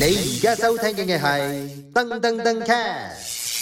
你而家收聽嘅係噔噔噔 cat。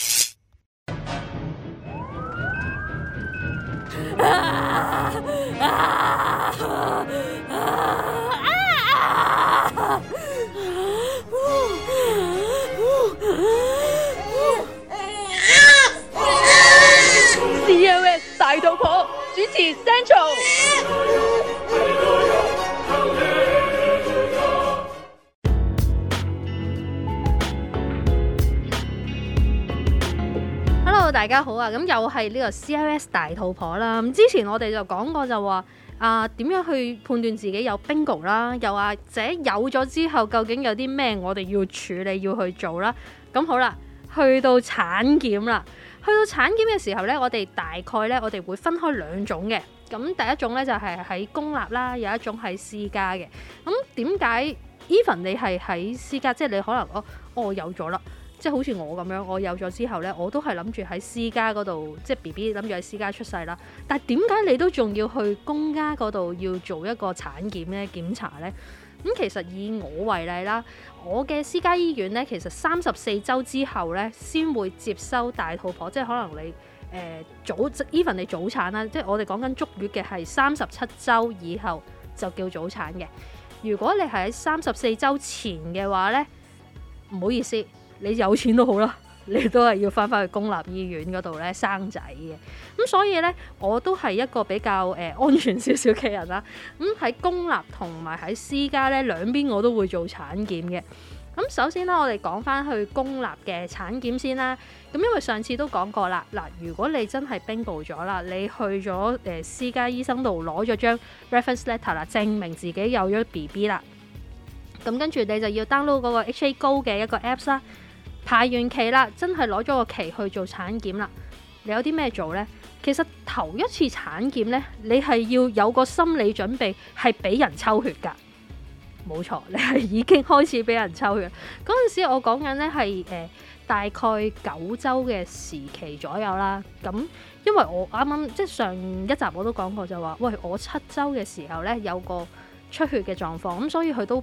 大家好啊，咁又係呢個 CIS 大肚婆啦。咁之前我哋就講過就話啊，點樣去判斷自己有 Bingo 啦，又或者有咗之後究竟有啲咩我哋要處理，要去做啦。咁好啦，去到產檢啦，去到產檢嘅時候呢，我哋大概呢，我哋會分開兩種嘅。咁第一種呢，就係喺公立啦，有一種係私家嘅。咁點解 Even 你係喺私家，即係你可能我、哦、我有咗啦？即係好似我咁樣，我有咗之後呢，我都係諗住喺私家嗰度，即係 B B 諗住喺私家出世啦。但係點解你都仲要去公家嗰度要做一個產檢呢？檢查呢？咁、嗯、其實以我為例啦，我嘅私家醫院呢，其實三十四周之後呢，先會接收大肚婆，即係可能你誒、呃、早 even 你早產啦。即係我哋講緊足月嘅係三十七周以後就叫早產嘅。如果你係喺三十四周前嘅話呢，唔好意思。你有錢都好啦，你都係要翻翻去公立醫院嗰度咧生仔嘅。咁所以呢，我都係一個比較誒、呃、安全少少嘅人啦。咁喺公立同埋喺私家呢兩邊我都會做產檢嘅。咁首先呢，我哋講翻去公立嘅產檢先啦。咁因為上次都講過啦，嗱，如果你真係 bingo 咗啦，你去咗誒私家醫生度攞咗張 reference letter 啦，證明自己有咗 BB 啦。咁跟住你就要 download 嗰個 HA Go 嘅一個 apps 啦。排完期啦，真係攞咗個期去做產檢啦。你有啲咩做呢？其實頭一次產檢呢，你係要有個心理準備，係俾人抽血噶。冇錯，你係已經開始俾人抽血。嗰陣時我講緊呢係誒，大概九周嘅時期左右啦。咁因為我啱啱即係上一集我都講過就話，喂，我七周嘅時候呢，有個出血嘅狀況，咁所以佢都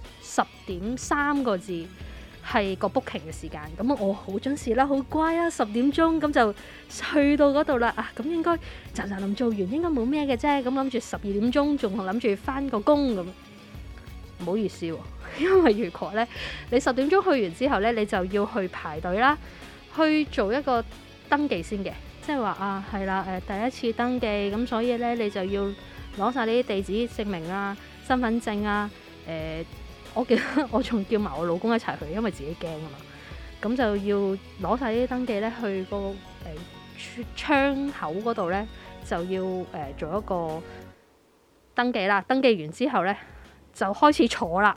十點三個字係個 booking 嘅時間，咁我好準時啦，好乖啊。十點鐘咁就去到嗰度啦。啊，咁應該陣陣咁做完，應該冇咩嘅啫。咁諗住十二點鐘仲諗住返個工咁，唔好意思喎、哦，因為如果呢，你十點鐘去完之後呢，你就要去排隊啦，去做一個登記先嘅，即係話啊，係啦，誒、呃、第一次登記，咁所以呢，你就要攞晒你啲地址證明啊、身份證啊、誒、呃。 我記得我仲叫埋我老公一齊去，因為自己驚啊嘛。咁就要攞晒啲登記咧，去、個誒、呃、窗口嗰度咧，就要誒、呃、做一個登記啦。登記完之後咧，就開始坐啦。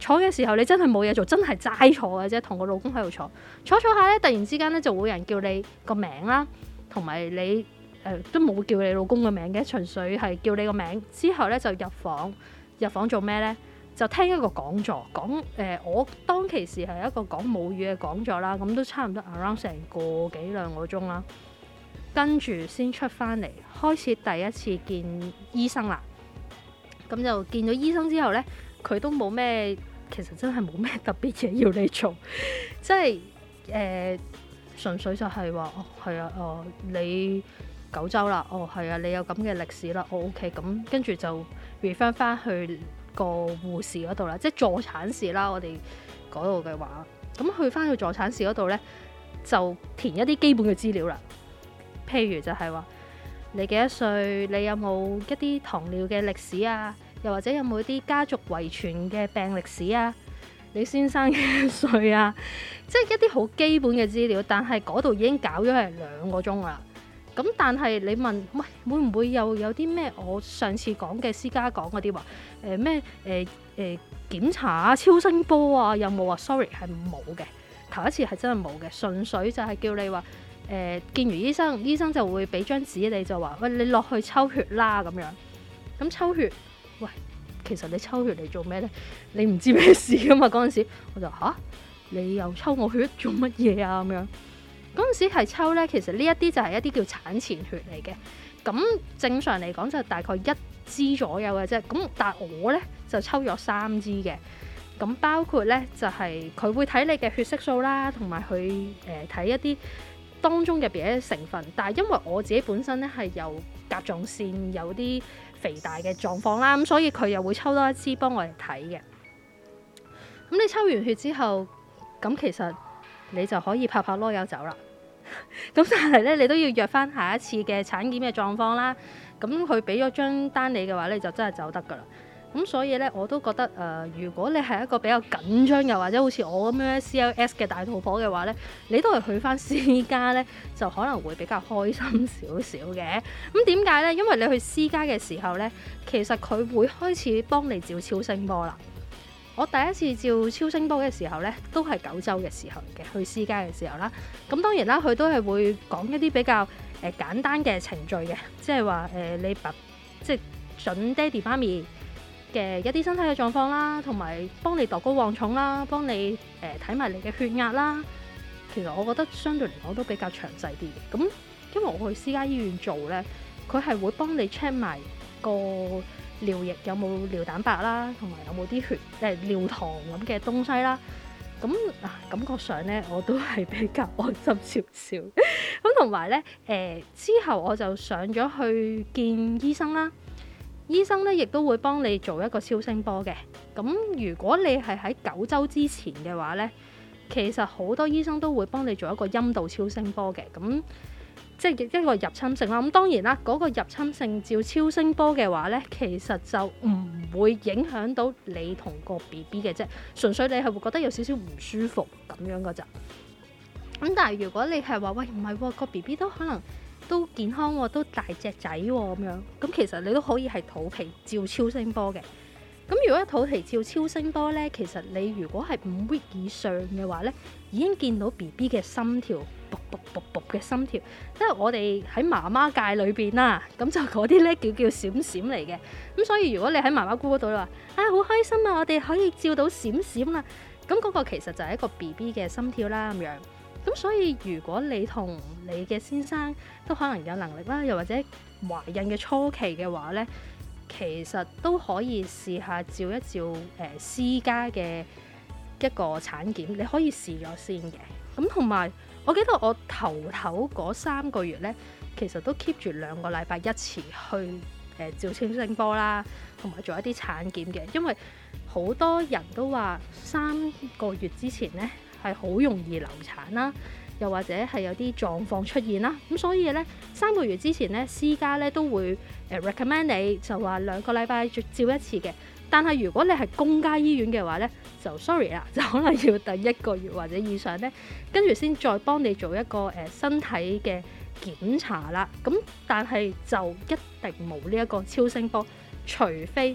坐嘅時候你真係冇嘢做，真係齋坐嘅啫。同個老公喺度坐，坐坐下咧，突然之間咧就會有人叫你個名啦，同埋你誒、呃、都冇叫你老公個名嘅，純粹係叫你個名。之後咧就入房，入房做咩咧？就聽一個講座，講誒、呃，我當其時係一個講母語嘅講座啦，咁都差唔多 around 成個幾兩個鐘啦。跟住先出翻嚟，開始第一次見醫生啦。咁就見咗醫生之後呢，佢都冇咩，其實真係冇咩特別嘢要你做，即係誒純粹就係話，哦係啊，哦你九州啦，哦係啊，你有咁嘅歷史啦，我、哦、OK，咁跟住就 refer 翻去。個護士嗰度啦，即係助產士啦，我哋嗰度嘅話，咁去翻去助產士嗰度呢，就填一啲基本嘅資料啦。譬如就係話你幾多歲？你有冇一啲糖尿嘅歷史啊？又或者有冇啲家族遺傳嘅病歷史啊？你先生幾多歲啊？即係一啲好基本嘅資料，但係嗰度已經搞咗係兩個鐘啦。咁但係你問，喂，會唔會又有啲咩？我上次講嘅私家講嗰啲話，誒咩誒誒檢查超聲波啊，有冇啊？Sorry，係冇嘅。頭一次係真係冇嘅，純粹就係叫你話誒、呃、見完醫生，醫生就會俾張紙你就話，喂，你落去抽血啦咁樣。咁抽血，喂，其實你抽血嚟做咩呢？你唔知咩事噶嘛？嗰陣時我就嚇、啊，你又抽我血做乜嘢啊？咁樣。嗰陣時係抽咧，其實呢一啲就係一啲叫產前血嚟嘅。咁正常嚟講就大概一支左右嘅啫。咁但係我呢，就抽咗三支嘅。咁包括呢，就係、是、佢會睇你嘅血色素啦，同埋佢誒睇一啲當中入邊嘅成分。但係因為我自己本身呢，係有甲狀腺有啲肥大嘅狀況啦，咁所以佢又會抽多一支幫我哋睇嘅。咁你抽完血之後，咁其實你就可以拍拍籮柚走啦。咁但係咧，你都要約翻下一次嘅產檢嘅狀況啦。咁佢俾咗張單你嘅話咧，你就真係走得噶啦。咁所以咧，我都覺得誒、呃，如果你係一個比較緊張又或者好似我咁樣 CLS 嘅大肚婆嘅話咧，你都係去翻私家咧，就可能會比較開心少少嘅。咁點解咧？因為你去私家嘅時候咧，其實佢會開始幫你照超聲波啦。我第一次照超聲波嘅時候呢，都係九週嘅時候嘅，去私家嘅時候啦。咁當然啦，佢都係會講一啲比較誒、呃、簡單嘅程序嘅，即係話誒你爸即係準爹哋媽咪嘅一啲身體嘅狀況啦，同埋幫你度高磅重啦，幫你誒睇埋你嘅血壓啦。其實我覺得相對嚟講都比較詳細啲嘅。咁因為我去私家醫院做呢，佢係會幫你 check 埋個尿液有冇尿蛋白啦，同埋有冇啲血，誒尿糖咁嘅東西啦。咁啊，感覺上呢，我都係比較安心少少。咁同埋呢，誒、欸、之後我就上咗去見醫生啦。醫生呢亦都會幫你做一個超聲波嘅。咁如果你係喺九週之前嘅話呢，其實好多醫生都會幫你做一個陰道超聲波嘅。咁即係一個入侵性啦，咁當然啦，嗰個入侵性照超聲波嘅話咧，其實就唔會影響到你同個 B B 嘅啫，純粹你係會覺得有少少唔舒服咁樣噶咋。咁但係如果你係話喂唔係喎，個 B B 都可能都健康喎，都大隻仔咁樣，咁其實你都可以係肚皮照超聲波嘅。咁如果一套皮照超聲波呢，其實你如果係五 W 以上嘅話呢，已經見到 BB 嘅心跳，噗噗噗噗嘅心跳，即係我哋喺媽媽界裏邊啦，咁就嗰啲呢叫叫閃閃嚟嘅。咁所以如果你喺媽媽姑嗰度咧話，啊好開心啊，我哋可以照到閃閃啦。咁嗰個其實就係一個 BB 嘅心跳啦咁樣。咁所以如果你同你嘅先生都可能有能力啦，又或者懷孕嘅初期嘅話呢。其實都可以試下照一照誒私家嘅一個產檢，你可以試咗先嘅。咁同埋我記得我頭頭嗰三個月呢，其實都 keep 住兩個禮拜一次去誒照超聲波啦，同埋做一啲產檢嘅。因為好多人都話三個月之前呢係好容易流產啦。又或者係有啲狀況出現啦，咁所以呢，三個月之前呢，私家呢都會誒 recommend、呃、你就話兩個禮拜照一次嘅，但係如果你係公家醫院嘅話呢，就 sorry 啦，就可能要等一個月或者以上呢。跟住先再幫你做一個誒、呃、身體嘅檢查啦。咁、嗯、但係就一定冇呢一個超聲波，除非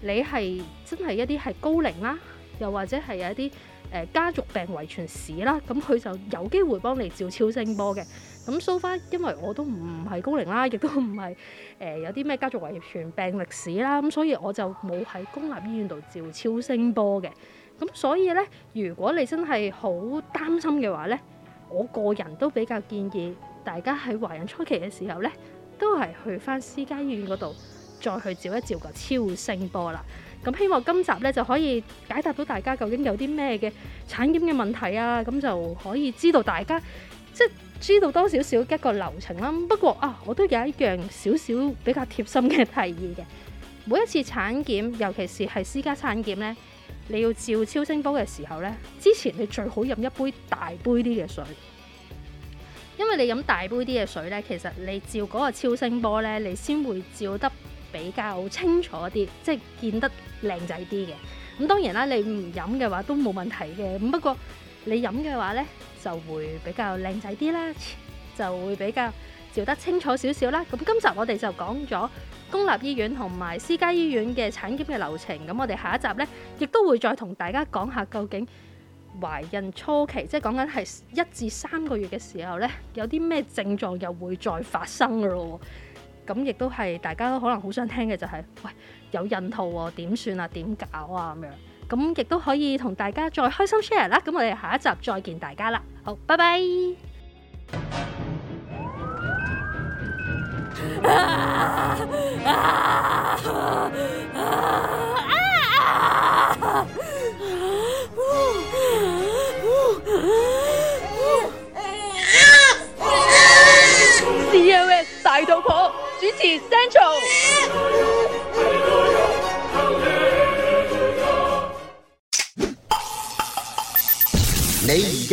你係真係一啲係高齡啦、啊，又或者係有一啲。誒家族病遺傳史啦，咁佢就有機會幫你照超聲波嘅。咁 so far，因為我都唔係高齡啦，亦都唔係誒有啲咩家族遺傳病歷史啦，咁所以我就冇喺公立醫院度照超聲波嘅。咁所以呢，如果你真係好擔心嘅話呢，我個人都比較建議大家喺懷孕初期嘅時候呢，都係去翻私家醫院嗰度再去照一照個超聲波啦。咁希望今集咧就可以解答到大家究竟有啲咩嘅產檢嘅問題啊，咁就可以知道大家即知道多少少一個流程啦。不過啊，我都有一樣少少比較貼心嘅提議嘅。每一次產檢，尤其是係私家產檢呢，你要照超聲波嘅時候呢，之前你最好飲一杯大杯啲嘅水，因為你飲大杯啲嘅水呢，其實你照嗰個超聲波呢，你先會照得。比較清楚啲，即係見得靚仔啲嘅。咁當然啦，你唔飲嘅話都冇問題嘅。咁不過你飲嘅話呢，就會比較靚仔啲啦，就會比較照得清楚少少啦。咁今集我哋就講咗公立醫院同埋私家醫院嘅產檢嘅流程。咁我哋下一集呢，亦都會再同大家講下究竟懷孕初期，即係講緊係一至三個月嘅時候呢，有啲咩症狀又會再發生噶咯。咁亦都係大家都可能好想聽嘅就係，喂有孕吐喎，點算啊？點搞啊？咁樣，咁亦都可以同大家再開心 share 啦。咁我哋下一集再見大家啦。好，拜拜。